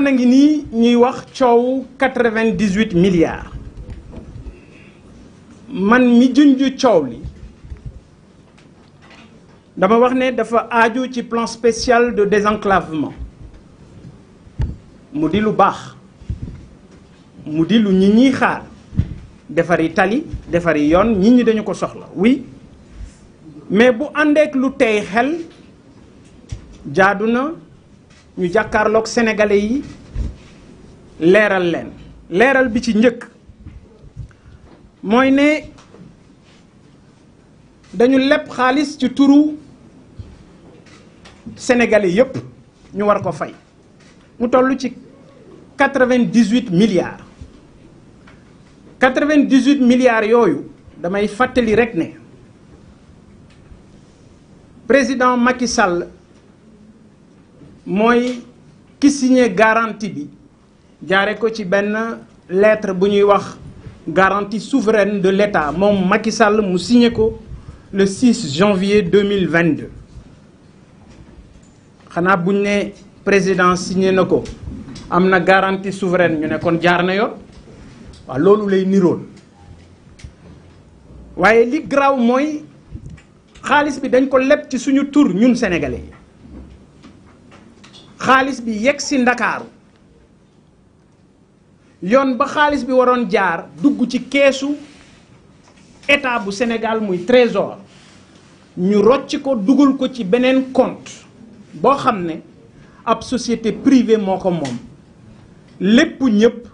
fan a ngi nii ñuy wax coow quatre-vingt-dix-huit milliards man mi ju coow li dama wax ne dafa ajo ci plan spécial de désenclavement mu di lu baax mu di lu ñi ñuy xaar defari tali defari yoon nit ñi dañu ko soxla oui mais bu àndeek lu tey xel jaadu na ñu jàkkaarloog sénégalais yi leeral leen leeral bi ci njëkk mooy ne dañu leb xaalis ci turu sénégalais yépp ñu war ko fay mu toll ci quatre-vingt-dix-huit milliards quatre vingt dix milliards yooyu damay fàttali rekk ne président Macky Sall mooy ki signé garantie bi jaare ko ci benn lettre bu ñuy wax garanti souveraine de l'État moom Macky Sall mu signé ko le 6 janvier 2022 xanaa buñ ne président signé na ko am na garanti souveraine ñu ne kon jaar na yoon waaw loolu lay niroon waaye li graw mooy xaalis bi dañ ko leb ci suñu tur ñun sénégalais xaalis bi yegg si ndakaaru yoon ba xaalis bi waroon jaar dugg ci keesu état bu Sénégal muy trésor ñu rocc ko dugal ko ci beneen compte boo xam ne ab société privée moo ko moom lépp ñëpp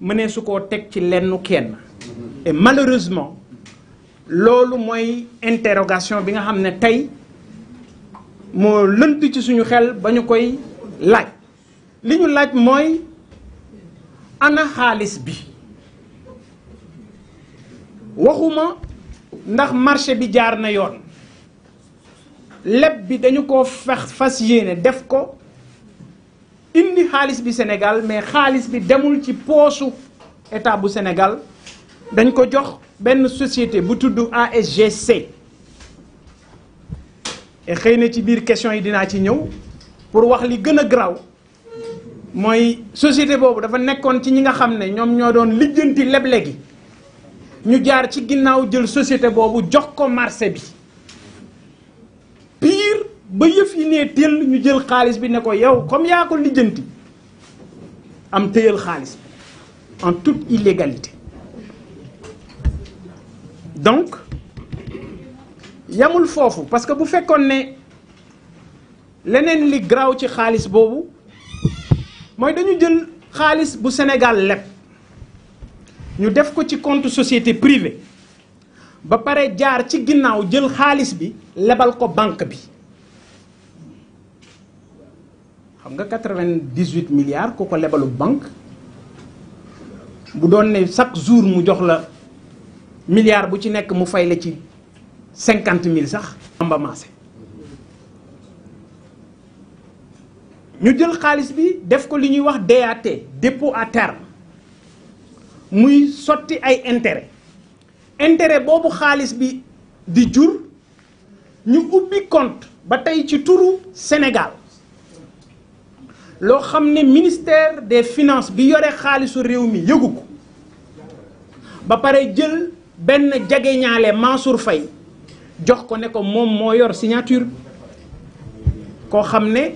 mënee su ko teg ci lenn kenn et malheureusement loolu mooy interrogation bi nga xam ne tey moo lënt ci suñu xel ba ñu koy laaj li ñu laaj mooy ana xaalis bi waxuma ndax marché bi jaar na yoon leb bi dañu ko fex fas yéene def ko indi xaalis bi Sénégal mais xaalis bi demul ci poosu état bu Sénégal dañ ko jox benn société bu tudd ASGC et xëy na ci biir question yi dinaa ci ñëw pour wax li gën a garaaw mooy société boobu dafa nekkoon ci ñi nga xam ne ñoom ñoo doon lijjanti leble gi ñu jaar ci ginnaaw jël société boobu jox ko marché bi pire ba yëf yi nee téll ñu jël xaalis bi ne ko yow comme yaa ko lijjanti am téyal xaalis bi en toute illégalité donc yamul foofu parce que bu fekkoon ne leneen li garaaw ci xaalis boobu mooy dañu jël xaalis bu senegal leb ñu def ko ci compte société privée ba pare jaar ci ginnaaw jël xaalis bi lebal ko banque bi xam nga quatre-vingt-dix-huit milliards ku ko lebalu banque bu doon ne chaque jour mu jox la milliard bu ci nekk mu fay la ci cinquante mille sax amba maase ñu jël xaalis bi def ko li ñuy wax DAT dépôt à terme muy sotti ay intéret intéret boobu xaalis bi di jur ñu ubbi compte ba tey ci turu Sénégal loo xam ne ministère des finance bi yore xaalisu réew mi yëgu ko ba pare jël benn jegeñaale Mansour fay jox ko ne ko moom moo yor signature koo xam ne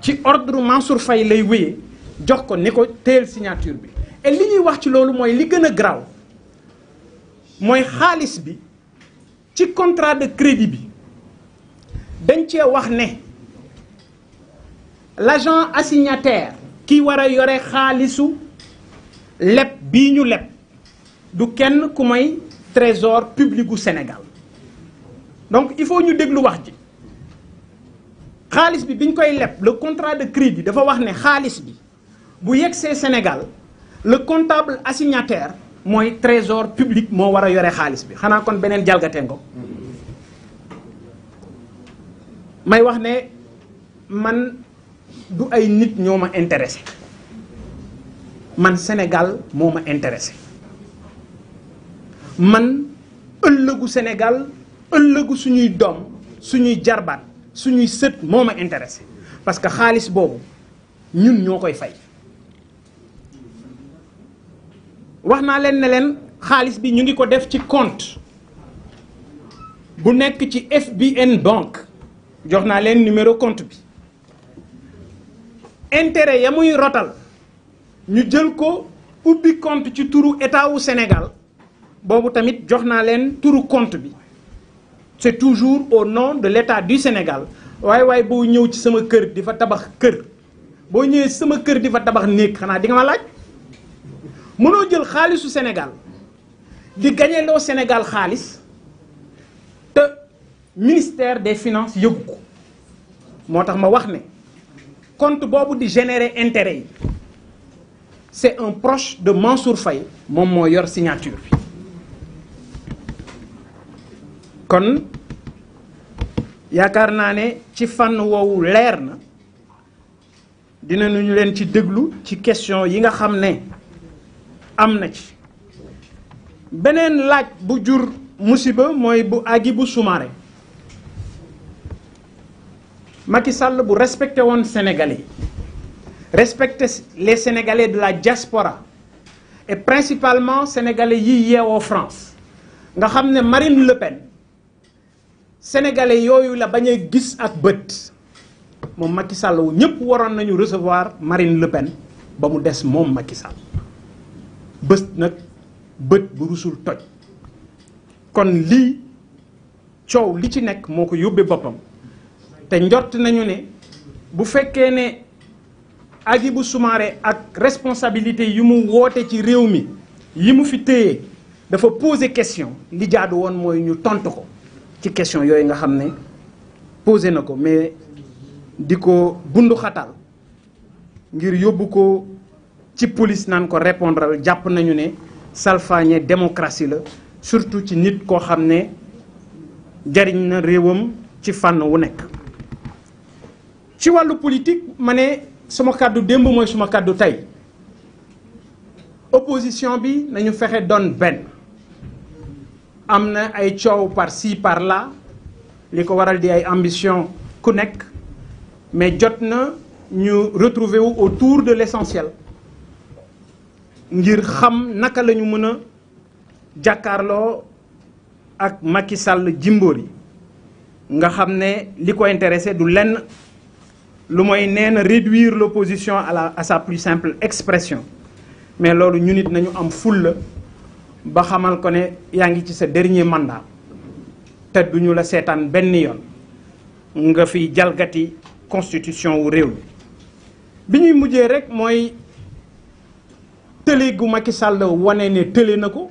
ci ordre Mansour fay lay wéyee jox ko ni ko téyel signature bi e li ñuy wax ci loolu mooy li gën a garaaw mooy xaalis bi ci contrat de crédit bi dañ cee wax ne l'agent assignataire ki war a yore xaalisu leb bi ñu leb du kenn ku may trésor publiku Sénégal donc il faut ñu déglu wax ji xaalis bi biñ koy leb la contrat de crédit dafa wax ne xaalis bi bu yegsee Sénégal le comptable assignataire mooy trésor public moo war a yore xaalis bi xanaa kon beneen jalgatee ko may wax ne man du ay nit ñoo ma intéressé man Sénégal moo ma intéressé man ëllëgu Sénégal ëllëgu suñuy doom suñuy jarbaat suñuy sët moom ma intéressé parce que xaalis boobu ñun ñoo koy fay wax naa leen ne leen xaalis bi ñu ngi ko def ci compte bu nekk ci FBN banque jox naa leen numéro compte bi intérêt ya muy rotal ñu jël ko ubbi compte ci turu état wu Sénégal boobu tamit jox naa leen turu compte bi c'est toujours au nom de l'État du Sénégal waaye waaye boo ñëw ci sama kër di fa tabax kër boo ñëwee sama kër di fa tabax néeg xanaa di nga ma laaj mënoo jël xaalisu Sénégal di gañeloo Sénégal xaalis te ministère des finances yëgu ko moo tax ma wax ne compte boobu di générer intérêt yi c'est un proche de Mansour fay moom moo yor signature bi yaakaar naa ne ci fànn woowu leer na dina ñu leen ci déglu ci question yi nga xam ne am na ci beneen laaj bu jur musiba mooy bu agi bu Soumaré Macky Sall bu respecté woon Sénégalais respecté les Sénégalais de la diaspora et principalement Sénégalais yi yeewoo France nga xam ne Marine Le Pen sénégalais yooyu la bañ a gis ak bët moom Macky Sall wu ñëpp waroon nañu recevoir Marine Le Pen ba mu des moom Macky Sall bés nag bët bu rusul toj kon lii coow li ci nekk moo ko yóbbee boppam te njort nañu ne bu fekkee ne Hadjibou Soumaré ak responsabilité yi mu woote ci réew mi yi mu fi téye dafa poser question li jaadu woon mooy ñu tontu ko. ci question yooyu nga xam ne posé na ko mais di ko bundu ngir yóbbu ko ci police naan ko répondre jàpp nañu ne salfaañe démocratie la surtout ci nit koo xam ne jariñ na réewam ci fànn wu nekk ci wàllu politique ma ne suma kàddu démb mooy suma kàddu tey opposition bi nañu fexe doon benn am na ay coow par ci par là li ko waral di ay ambition ku nekk mais jot na ñu retrouver wu autour de l'essentiel ngir xam naka la ñu mën a jàkkaarloo ak Macky Sall jimboor yi nga xam ne li ko intéressé du lenn lu mooy nee na réduire l'opposition à la à sa plus simple expression mais loolu ñu nit nañu am fulla ba xamal ko ne yaa ngi ci sa dernier mandat te duñu la seetaan benn yoon nga fi jalgati constitution wu réew bi ñuy mujjee rek mooy tële gu Macky Sall wane ne tële na ko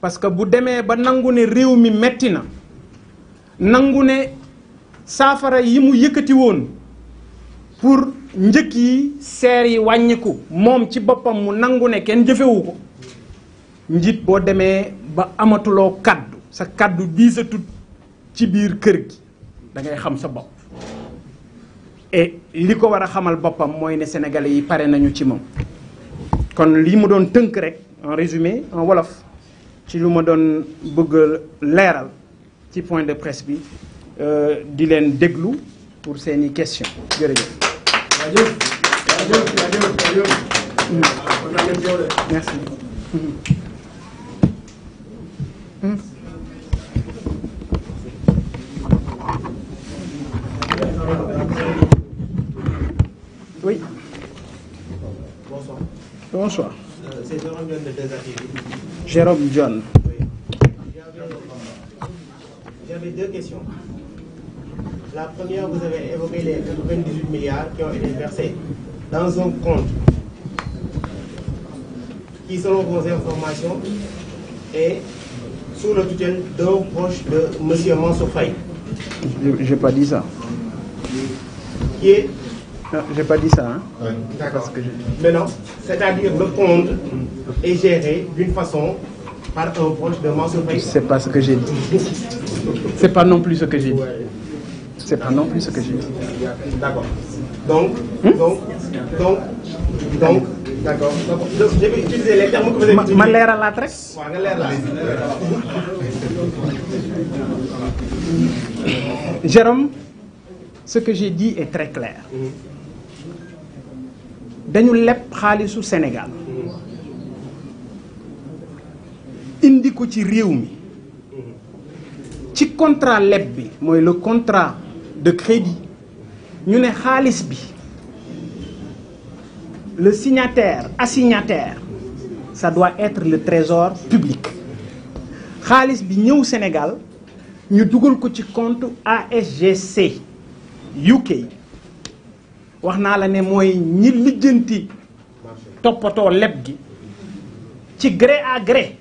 parce que bu demee ba nangu ne réew mi metti na nangu ne saafara yi mu yëkkati woon pour njëkk yi seer yi wàññiku moom ci boppam mu nangu ne kenn jëfewu ko njiit boo demee ba amatuloo kàddu sa kàddu di diisatut ci biir kër gi da ngay xam sa bopp et li ko war a xamal boppam mooy ne sénégalais yi pare nañu ci moom kon li ma doon tënk rek en résumé en wolof ci lu ma doon bëgg leeral ci point de presse bi euh, di leen déglu pour seeni question jërëjëf merci Mmh. Oui. Bonsoir. Bonsoir. Euh, c'est Jérôme John de Désafir. Jérôme John. Oui. J'avais deux questions. La première, vous avez évoqué les 98 milliards qui ont été versés dans un compte qui, selon vos informations, est sous la d'un proche de monsieur Mansour Faye. J'ai pas dit ça. Qui est j'ai pas dit ça c'est-à-dire le compte est géré d'une façon par un proche de Mansour Faye. C'est pas ce que j'ai dit. C'est pas non plus ce que j'ai dit. Hmm? donc donc donc d'accord ma leeralaat rek. waaw nga leeralaat. Jérôme ce que j'ai dit est très clair dañu leb xaalisu Sénégal indi ko ci réew mi ci contrat leb bi mooy le contrat de crédit ñu ne xaalis bi. le signataire assignataire ça doit être le trésor public xaalis bi ñëw Sénégal ñu dugal ko ci compte ASGC UK wax naa la ne mooy ñi lijjanti toppatoo leb gi ci gré à gré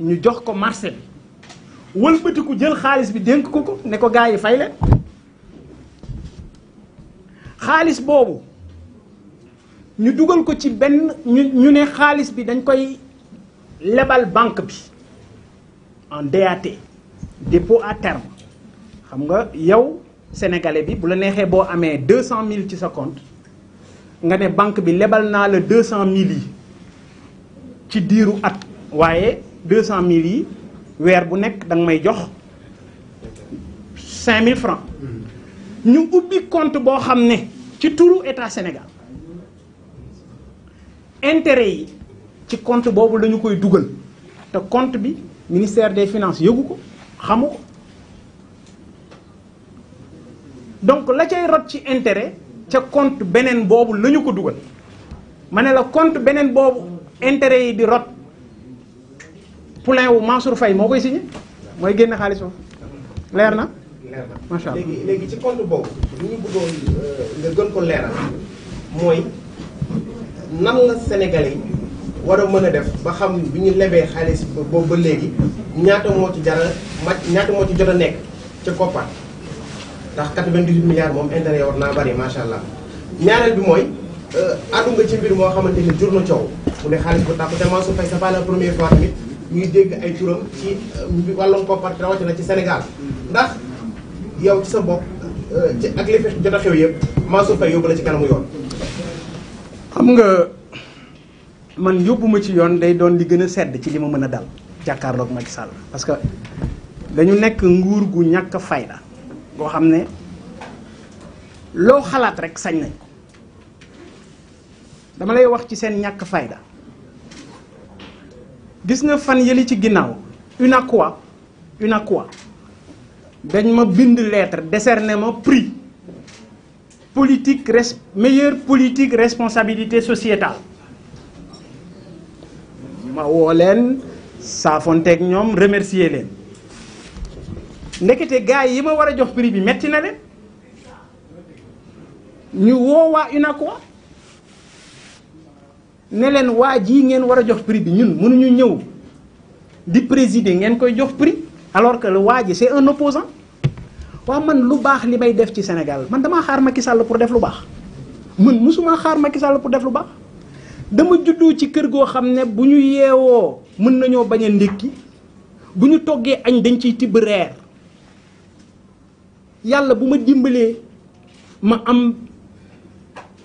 ñu jox ko marché bi wëlbatiku jël xaalis bi dénk ko ko ne ko gars yi fay leen xaalis boobu ñu dugal ko ci benn ñu ñu ne xaalis bi dañ koy lebal banque bi en DAT dépôt à terme xam nga yow sénégalais bi bu la neexee boo amee deux cent mille ci sa compte nga ne banque bi lebal naa la deux cent mille yi ci diiru at waaye deux cent yi weer bu nekk da nga may jox cinq mille francs mm-hmm. ñu ubbi compte boo xam ne ci turu état Sénégal intérêt yi ci compte boobu lañu koy dugal te compte bi ministère des finances yëgu ko xamu ko donc la cay rot ci intérêt ca compte beneen boobu la ñu ko dugal ma ne la compte beneen boobu intérêt yi di rot poulain wu Mansour fay moo koy signé mooy génn xaalis foofu leer na. leer na macha léegi ci compte boobu li ñu euh, gën ko leeral mooy. nan la Sénégalais yi war a mën a def ba xam bi ñu lebee xaalis boobu ba léegi ñaata moo ci jara ma ñaata moo ci jot a nekk ca koppar ndax 98 milliards moom intérêt war naa bari macha allah ñaareel bi mooy euh, àddu nga ci mbir moo xamante ni jur na coow mu ne xaalis bu tàkku te Mansour Faye c'est pas la première fois tamit ñuy dégg ay turam ci euh, wàllum koppar rawatina ci Sénégal ndax yow ci sa bopp euh, ci ak li fi jot a xew yëpp Mansour Faye yóbbu la ci kanamu yoon. xam nga man yóbbuma ci yoon day doon li gën a sedd ci li ma mën a dal ma Macky Sall parce que dañu nekk nguur gu ñàkk fayda goo xam ne loo xalaat rek sañ nañ ko dama lay wax ci seen ñàkk fayda gis nga fan yëli ci ginnaaw UNACOIS UNACOIS dañ ma bind lettre décerné ma prix politique res meilleure politique responsabilité sociétale ma woo leen saafonteeg ñoom remercier leen ndekete gars yi ma war a jox prix bi metti na leen ñu woo waa UNACOIS ne leen waa jii ngeen war a jox prix bi ñun mënuñu ñëw di présider ngeen koy jox prix alors que le waa ji c'est un opposant waaw man lu baax li may def ci senegal man dama xaar Macky Sall pour def lu baax man mësuma xaar Macky Sall pour def lu baax dama juddu ci kër goo xam ne bu ñu yeewoo mën nañoo bañ a ndékki bu ñu toggee añ dañ ciy tibb reer yàlla bu ma jimbalee ma am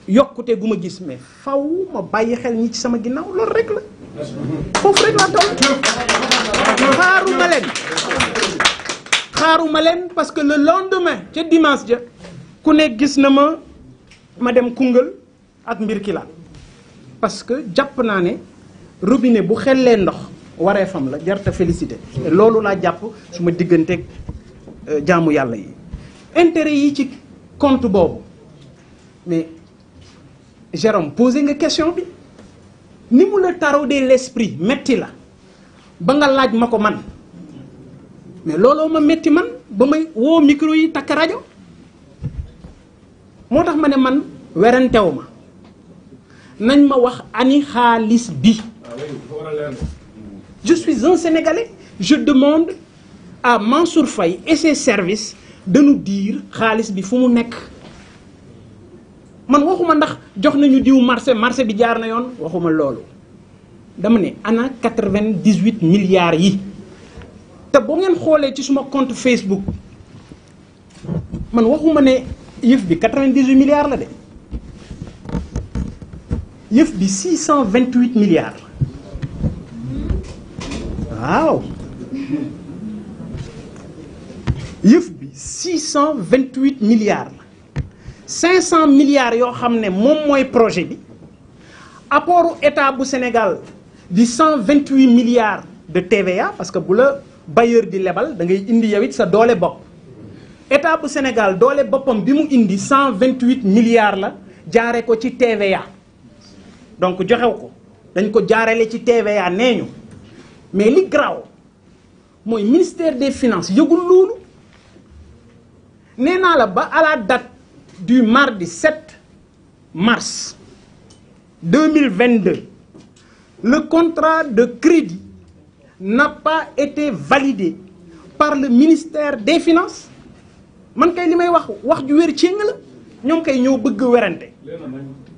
yokkute gu ma gis mais faw ma bàyyi xel ñi ci sama ginnaaw loolu rek la foofu rek laa toll xaaruma leen xaaruma leen parce que le lendemain ca dimanche ja ku ne gis na ma ma dem Koungheul ak mbir ki parce que jàpp naa ne robinet bu xellee ndox waree fam la jarta félicité loolu laa jàpp su ma digganteeg euh, jaamu yàlla yi intérêt yi ci compte boobu mais Jérôme posé nga question bi ni mu la taraw de l'esprit metti la ba nga laaj ma ko man mais looloo ma metti man ba may woo micro yi takk rajo moo tax ma ne man werantew ma nañ ma wax ani xaalis bi je suis un sénégalais je demande à Mansour Faye et service services diir xaalis bi fu mu nekk man waxuma ndax jox nañu diw marché marché bi jaar na yoon waxuma loolu dama ne ana quatre-vingt-dix-huit milliards yi te boo ngeen xoolee ci suma compte Facebook man waxuma ne yëf bi 98 milliards la de yëf bi 628 milliards waaw yëf bi 628 milliards la 500 milliards yoo xam ne moom mooy projet bi apportu état bu Sénégal di 128 milliards de TVA parce que bu la. bailleur di lebal da ngay indi yow it sa doole bopp état bu Sénégal doole boppam bi mu indi cent vingt huit milliards la jaare ko ci TVA donc joxew ko dañ ko jaarale ci TVA nee ñu mais li graw mooy ministère des finances yëgul loolu nee naa la ba à la date du mardi 7 mars 2022 le contrat de crédit n'a pas été validé par le ministère des finances man kay li may wax wax ju wér céng la ñoom kay ñëw bëgg werante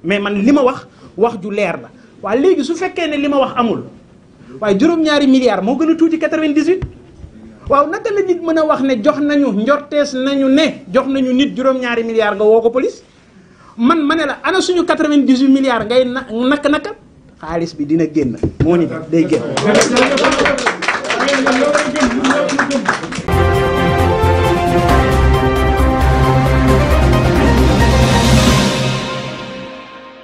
mais man li ma wax wax ju leer la waaye léegi su fekkee ne li ma wax amul waaye juróom-ñaari milliards moo gën a tuuti 98 waaw naka la nit mën a wax ne jox nañu njortees nañu ne jox nañu nit juróom-ñaari milliards nga woo ko police man ma ne la ana suñu 98 milliards ngay na nak naka xaalis bi dina génn moo ni day génn